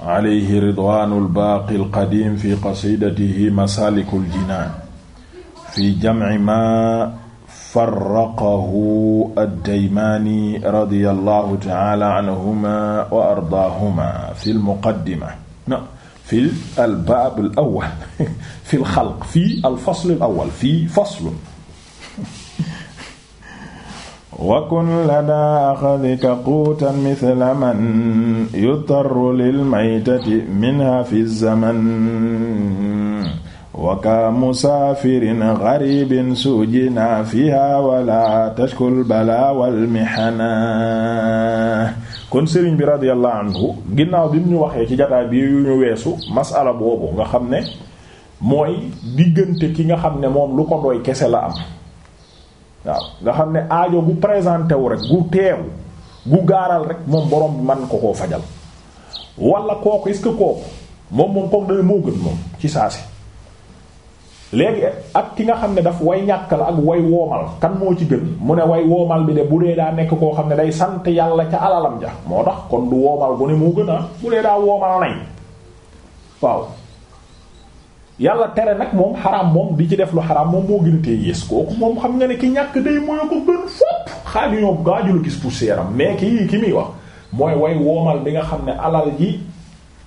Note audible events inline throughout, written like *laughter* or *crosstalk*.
alayhi ridwanu lbaaqi alqadim fi qasidatihi masaliku ljinaan fi jamci ma farraqahu addaymaani radia allahu taala anhuma wa ardaahuma fi lmuqaddima fi albaab alawal *laughs* fi lxalq fi alfasl alawal fi fasl wakun lada axadika quutan mithla man yutarru lil maytati minha fi zaman waka musaafirin garibin suujina fiha wala tashkul bala wal mihana kon sëriñ bi radiyallahu anhu ginnaaw bi mu waxee ci jataay bi yu ñu weesu masala boobu nga xam ne mooy diggante ki nga xam ne moom lu ko doy kese la am waaw nga xam ne aajo gu présenté wu rek gu teew gu gaaral rek moom borom bi man ko koo fajal wala kooku est-ce kooku moom moom kooku dana moo gën moom ci saasi léegi ak ki nga xam ne dafa woy ñàkk la ak woy woomal kan moo ci gën mu ne woy woomal bi de bu dee daa nekk koo xam ne day sant yàlla ca alalam ja moo tax kon du woomal bu ne moo gën a bu dee daa woomal nay waaw yàlla tere nag moom xaraam moom di ci def lu xaraam moom moo gën a tee yées kooku moom xam nga ne ki ñàkk day mooy ko gën fopp xaaju ñoo gaaju gis poussé yaram mais ki ki muy wax mooy woy woomal bi nga xam ne alal ji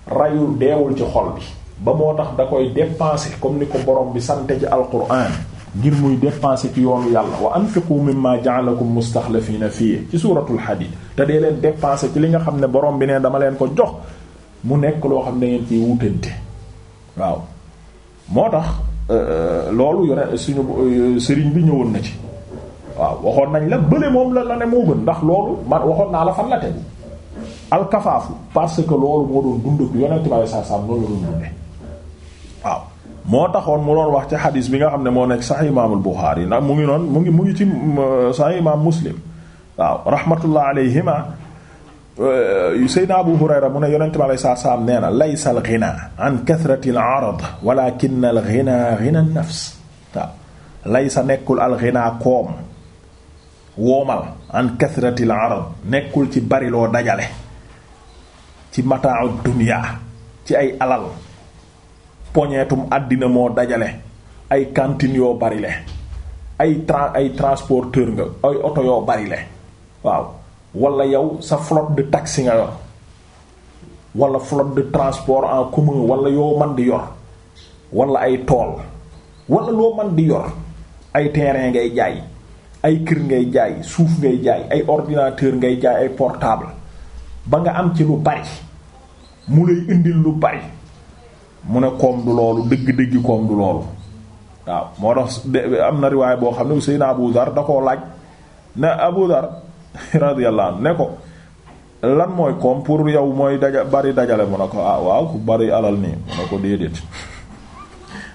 rayul deewul ci xol bi ba moo tax da koy dépenser comme ni ko borom bi sante ci alquran ngir muy dépenser ci yoonu yàlla wa anfiqu mimma ja'alakum mustaxlafiina fii ci suuratul hadiid te dee leen dépenser ci li nga xam ne borom bi ne leen ko jox mu nekk loo xam ne ngeen ciy wutante moo tax euh, euh, loolu yore suñu euh, sëriñ bi ñëwoon na ci waaw waxoon nañ la bële moom la la ne moo gën ndax loolu man waxoon naa la fan la tegu alkafaafu parce que loolu moo doon dund yonent bale saa saam loolu doon dunde waaw moo taxoon mu doon wax ci xadiis bi nga xam ne moo nekk sax imaamul Buxaari ndax mu ngi noon mu ngi mu ngi ci sax imaam Muslim waaw rahmatullah alayhima Euh, Seydina Abu Hurayra mu ne yonente bi alayhi salaatu salaam nee na laysa ghina an kathrati al arad walakin al ghina ghina nekkul al nekkul ci bariloo dajale ci mataaw dunya ci ay alal poñeetum àddina moo dajale ay cantine yoo bari ay transporteur nga ay oto yoo bari waaw walla yow sa flotte de taxi nga yor walla flotte de transport en commun walla yoo man di yor walla ay tool wala loo man di yor ay terrain ngay jaay ay kër ngay jaay suuf ngay jaay ay ordinateur ngay jaay ay portable ba nga am ci lu bari mu lay indil lu bari mu ne koom du loolu dëgg dégg koom du loolu waaw moo tax am na riwaay boo xam ne Seydina Abu Dar da koo laaj ne Abu Dar *laughs* radiyallahu anhu ne ko lan mooy koom pour yow mooy daja bari dajale mu ne ko ah waaw ku bari alal nii mu a ko déedéet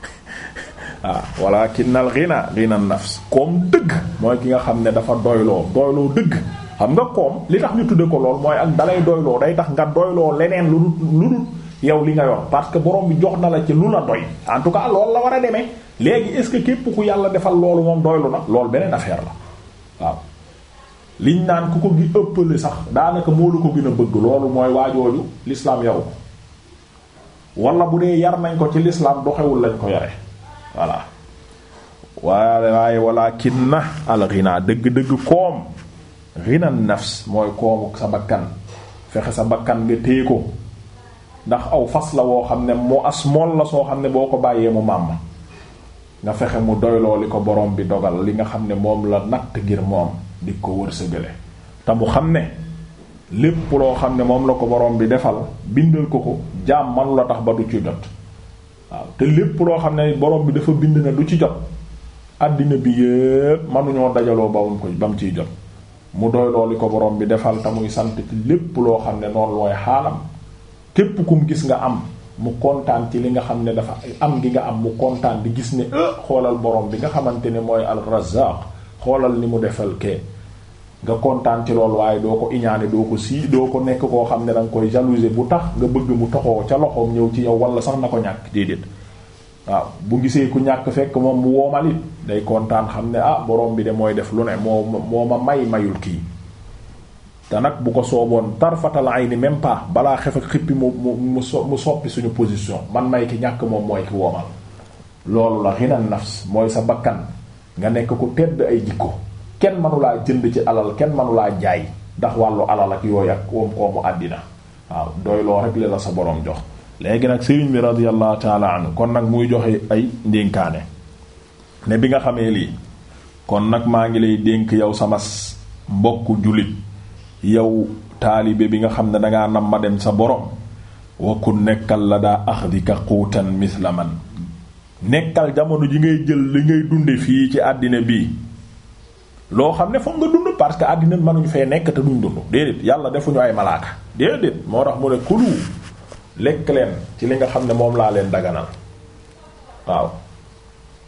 *laughs* ah walakin al ghina ghina nafs koom dëgg mooy ki nga xam ne dafa doyloo doyloo dëgg xam nga koom li tax ñu tudde ko lool mooy ak dalay doyloo day tax nga doyloo leneen lu dul yow li nga yor parce que borom bi jox na la ci lu la doy en tout cas loolu la war a demee léegi est-ce que képp ku yàlla defal loolu moom doylu na loolu beneen affaire la liñ naan ku ko gi ëppale sax daanaka moo la ko gën bëgg loolu mooy waajooju l'islam yaw ko wala bu dee yar nañ ko ci l'islam doxewul lañ ko yare voilà waaye waaye walakin na al dëgg-dëgg koom ghina nafs mooy koomu sa bakkan fexe sa bakkan nga téye ko ndax aw fas la woo xam ne moo as mool la soo xam ne boo ko bàyyee mu màmm nga fexe mu doyloo li ko borom bi dogal li nga xam ne moom la te ngir moom di ko wërsëgale te mu xam ne lépp loo xam ne moom la ko borom bi defal bindal ko ko jaam manu la tax ba du ci jot waaw te lépp loo xam ne borom bi dafa bind na du ci jot àddina bi yépp manuñoo dajaloo bawuñ ko ba mu ciy jot mu doy ko borom bi defal te muy sant ci lépp loo xam ne noonu mooy xaalam képp kum gis nga am mu kontaan ci li nga xam ne dafa am gi nga am mu kontaan di gis ne xoolal borom bi nga xamante ne mooy al razzaq xoolal ni mu defal nga kontaan ci loolu waaye doo ko iñaane doo ko sii doo ko nekk koo xam ne da nga koy jalouser bu tax nga bëgg mu toxoo ca loxoom ñëw ci yow wala sax na ko ñàkk déedéet waaw bu gisee ku ñàkk fekk moom mu woomalit day kontaan xam ne ah borom bi de mooy def lu ne moo moo ma may mayul kii te nag bu ko sooboon tarfatal ay ni même pas balaa xef ak xippi mu mu soppi suñu position man may ki ñàkk moom mooy ki woomal loolu la xinan nafs mooy sa bakkan nga nekk ku tedd ay jikko kenn manulaa jënd ci alal kenn manulaa jaay ndax wàllu alal ak yooyu ak koom koomu àddina waaw doy loo li la sa boroom jox léegi nag sëriñ bi radiyallahu taala anhu kon nag muy joxe ay ndénkaane ne bi nga xamee lii kon nag maa ngi lay dénk yow sama mbokku jullit yow taalibe bi nga xam ne danga nam ma dem sa borom wa ku nekkal la daa axdika xuutan misla man nekkal jamono ji ngay jël li ngay dunde fii ci àddina bii loo xam ne foog nga dund parce que àddina mënuñu fee nekk te duñ dund déedéet yàlla defuñu ay malaaka déedéet moo tax mu ne kulu lekk leen ci li nga xam ne moom laa leen daganal waaw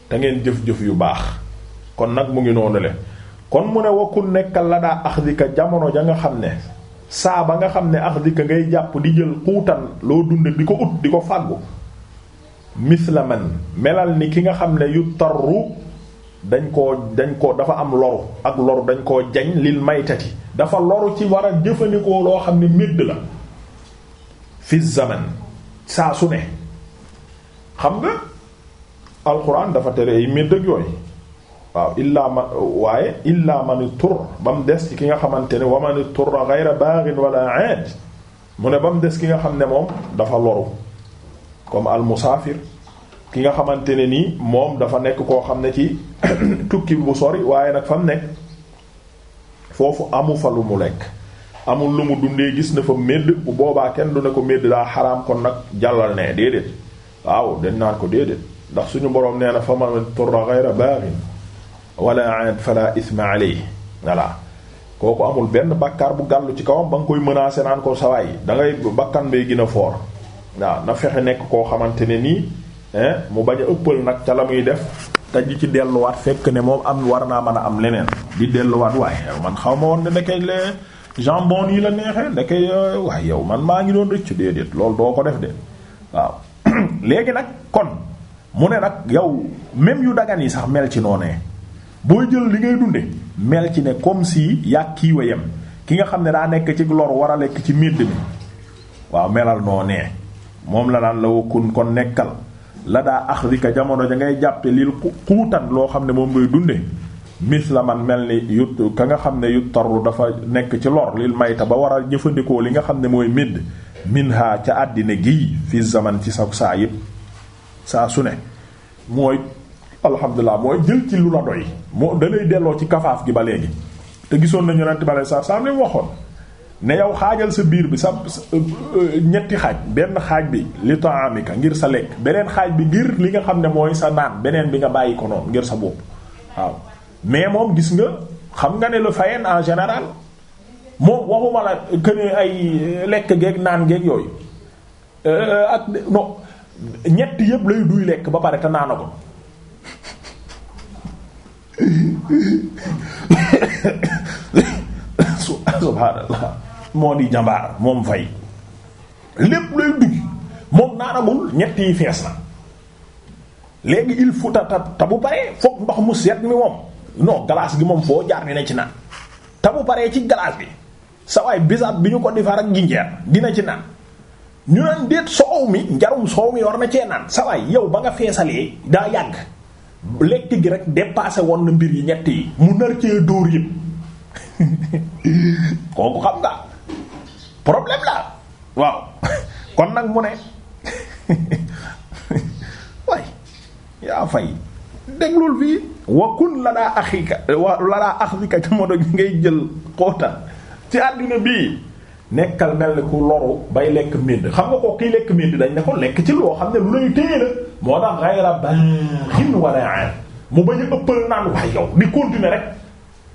te ngeen jëf-jëf yu baax kon nag mu ngi noonu le kon mu ne wakkul nekkal la daa axdika jamono ja nga xam ne saa ba nga xam ne axdika ngay jàpp di jël xuutan loo dund di ko ut di ko fàggu misla man melal ni ki nga xam ne yu tarru dañ koo dañ koo dafa am loru ak loru dañ koo jañ lil maytati dafa loru ci war a jëfandikoo loo xam ne médd la fi zaman saa su ne xam nga alxuraan dafa tere yi médd ak yooyu waaw illaa man waaye illaa mani tur ba mu des ci ki nga xamante ne wa mani turra ghayra baghin wala aad mu ne ba mu des ki nga xam ne moom dafa loru comme al ki nga xamante ne nii moom dafa nekk koo xam ne ci *clears throat* tukki bu sori waaye nag fa nekk foofu amu fa lu mu lekk amul lu mu dundee gis na fa médd bu boobaa kenn du ne ko médd daa xaraam kon nag jàllal ne déedéet waaw dañ naan ko déedéet ndax suñu boroom nee na fa man turra ghayra baghin wala aad fala isma alayhi kooku amul benn bàkkaar bu gàllu ci kawam ba nga koy menacer naan ko sawaay da ngay bakkan bay gën foor waaw na fexe nekk koo xamante ne nii Eh? mu bañ a ëppal nag ca la muy def te ji ci delluwaat fekk ne moom am war naa mën a am leneen di delluwaat waaye man xaw ma woon ne ndeke le jambon yi la neexee ndeke euh, waaye yow man maa ngi doon rëccu déedéet lool doo ko def de waaw *clears throat* léegi nag kon mu ne nag yow même yu dagan yi sax mel ci noonee booy jël li ngay dunde mel ci ne comme si yàgg kii wayam ki nga xam ne daa nekk ci lor war a lekk ci midd mi waaw melal noonee moom la daan la wokkun kon nekkal la daa axdika jamono ja ngay jàppe lil xuutan loo xam ne moom mooy dunde mis la man mel ni yut ka nga xam ne yut tarlu dafa nekk ci lor lil mayta ba war a jëfandikoo li nga xam ne mooy midd minha ca àddina gi fi zaman ci sa saa yëpp saa su ne mooy alhamdulilah mooy jël ci lu la doy moo dalay delloo ci kafaaf gi ba léegi te gisoon nañu nent bale saa saa ni waxoon ne yow xaajal sa biir bi sa euh, euh, ñetti xaaj benn xaaj bi li ta'amika ngir sa lekk beneen xaaj bi ngir li nga xam ne mooy sa naan beneen bi nga bàyyi ko noonu ngir sa bopp waaw mais moom gis nga xam nga ne le fayen en général moom waxuma la que ay lekk géeg naan géeg yooyu euh, ak non ñett yëpp lay duy lekk ba pare te naana ko *coughs* *coughs* subhaanallah moo di jambaar moom fay lépp lay dugg moom naanagul ñett yi fees na léegi il faut ta ta bu paree foog ndox mu set mi moom non glace gi moom foo jaar dina ci naan ta bu paree ci glace bi sa waay bisaab bi ñu ko defar ak ginjeer dina ci naan ñu naan déet soow mi njarum soow mi war na cee naan sa waay yow ba nga feesalee daa yàgg lekk gi rek dépassé woon na mbir yi ñetti yi mu nar cee dóor yëpp *laughs* kooku xam nga problème la waaw *laughs* kon nag mu ne *laughs* waay yaa fay déglul fii wa kun la daa axika wa la daa axika jamono gi ngay jël xóotal ci àddina bii nekkal mel ni ku loru bay lekk mbind xam nga ko kiy lekk mbind dañ ne ko lekk ci loo xam ne lu lay téye la moo tax xayra baaxin wala an mu bañ a ëppal naan waaye yow di continuer rek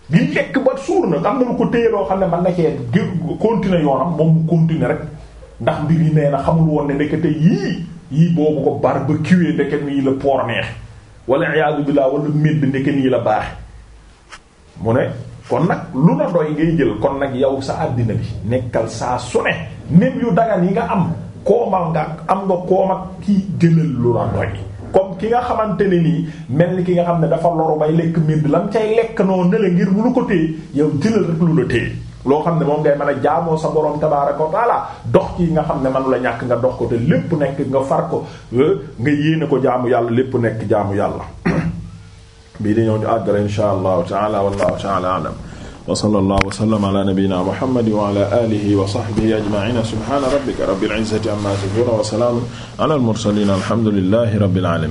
bi mu lekk ba suur na am na ko téye loo xam ne ba na cee gë continuer yoonam moom mu continuer rek ndax mbir yi nee na xamul woon ne ndekete yii yii boobu ko barbecue ndeke nii la poor neex wala iyaadu billaah wala medd ndeke nii la baax mu ne kon nag lu la doy ngay jël kon nag yow sa àddina bi nekkal saa su ne même yu dagan yi nga am kooma nga am nga koom ak kii jëlal lu la doy ki nga xamante ni nii mel ni ki nga xam ne dafa loru bay lekk mbir lan ca lekk noo nele ngir mu ko téye yow jëlal la téye loo xam ne moom ngay mën a jaamoo sa borom tabaaraka wa taala dox ci nga xam ne man la ñàkk nga dox ko te lépp nekk nga far ko nga yéene ko jaamu yàlla lépp nekk jaamu yàlla *coughs* bii di ñëw ñu àggale insha allahu taala wallahu taala alam wa sallallahu wa sallam ala nabiyyina muhammadin wa ala alihi wa sahbihi ajma'in subhana rabbika rabbil izzati amma yasifun wa salamun ala al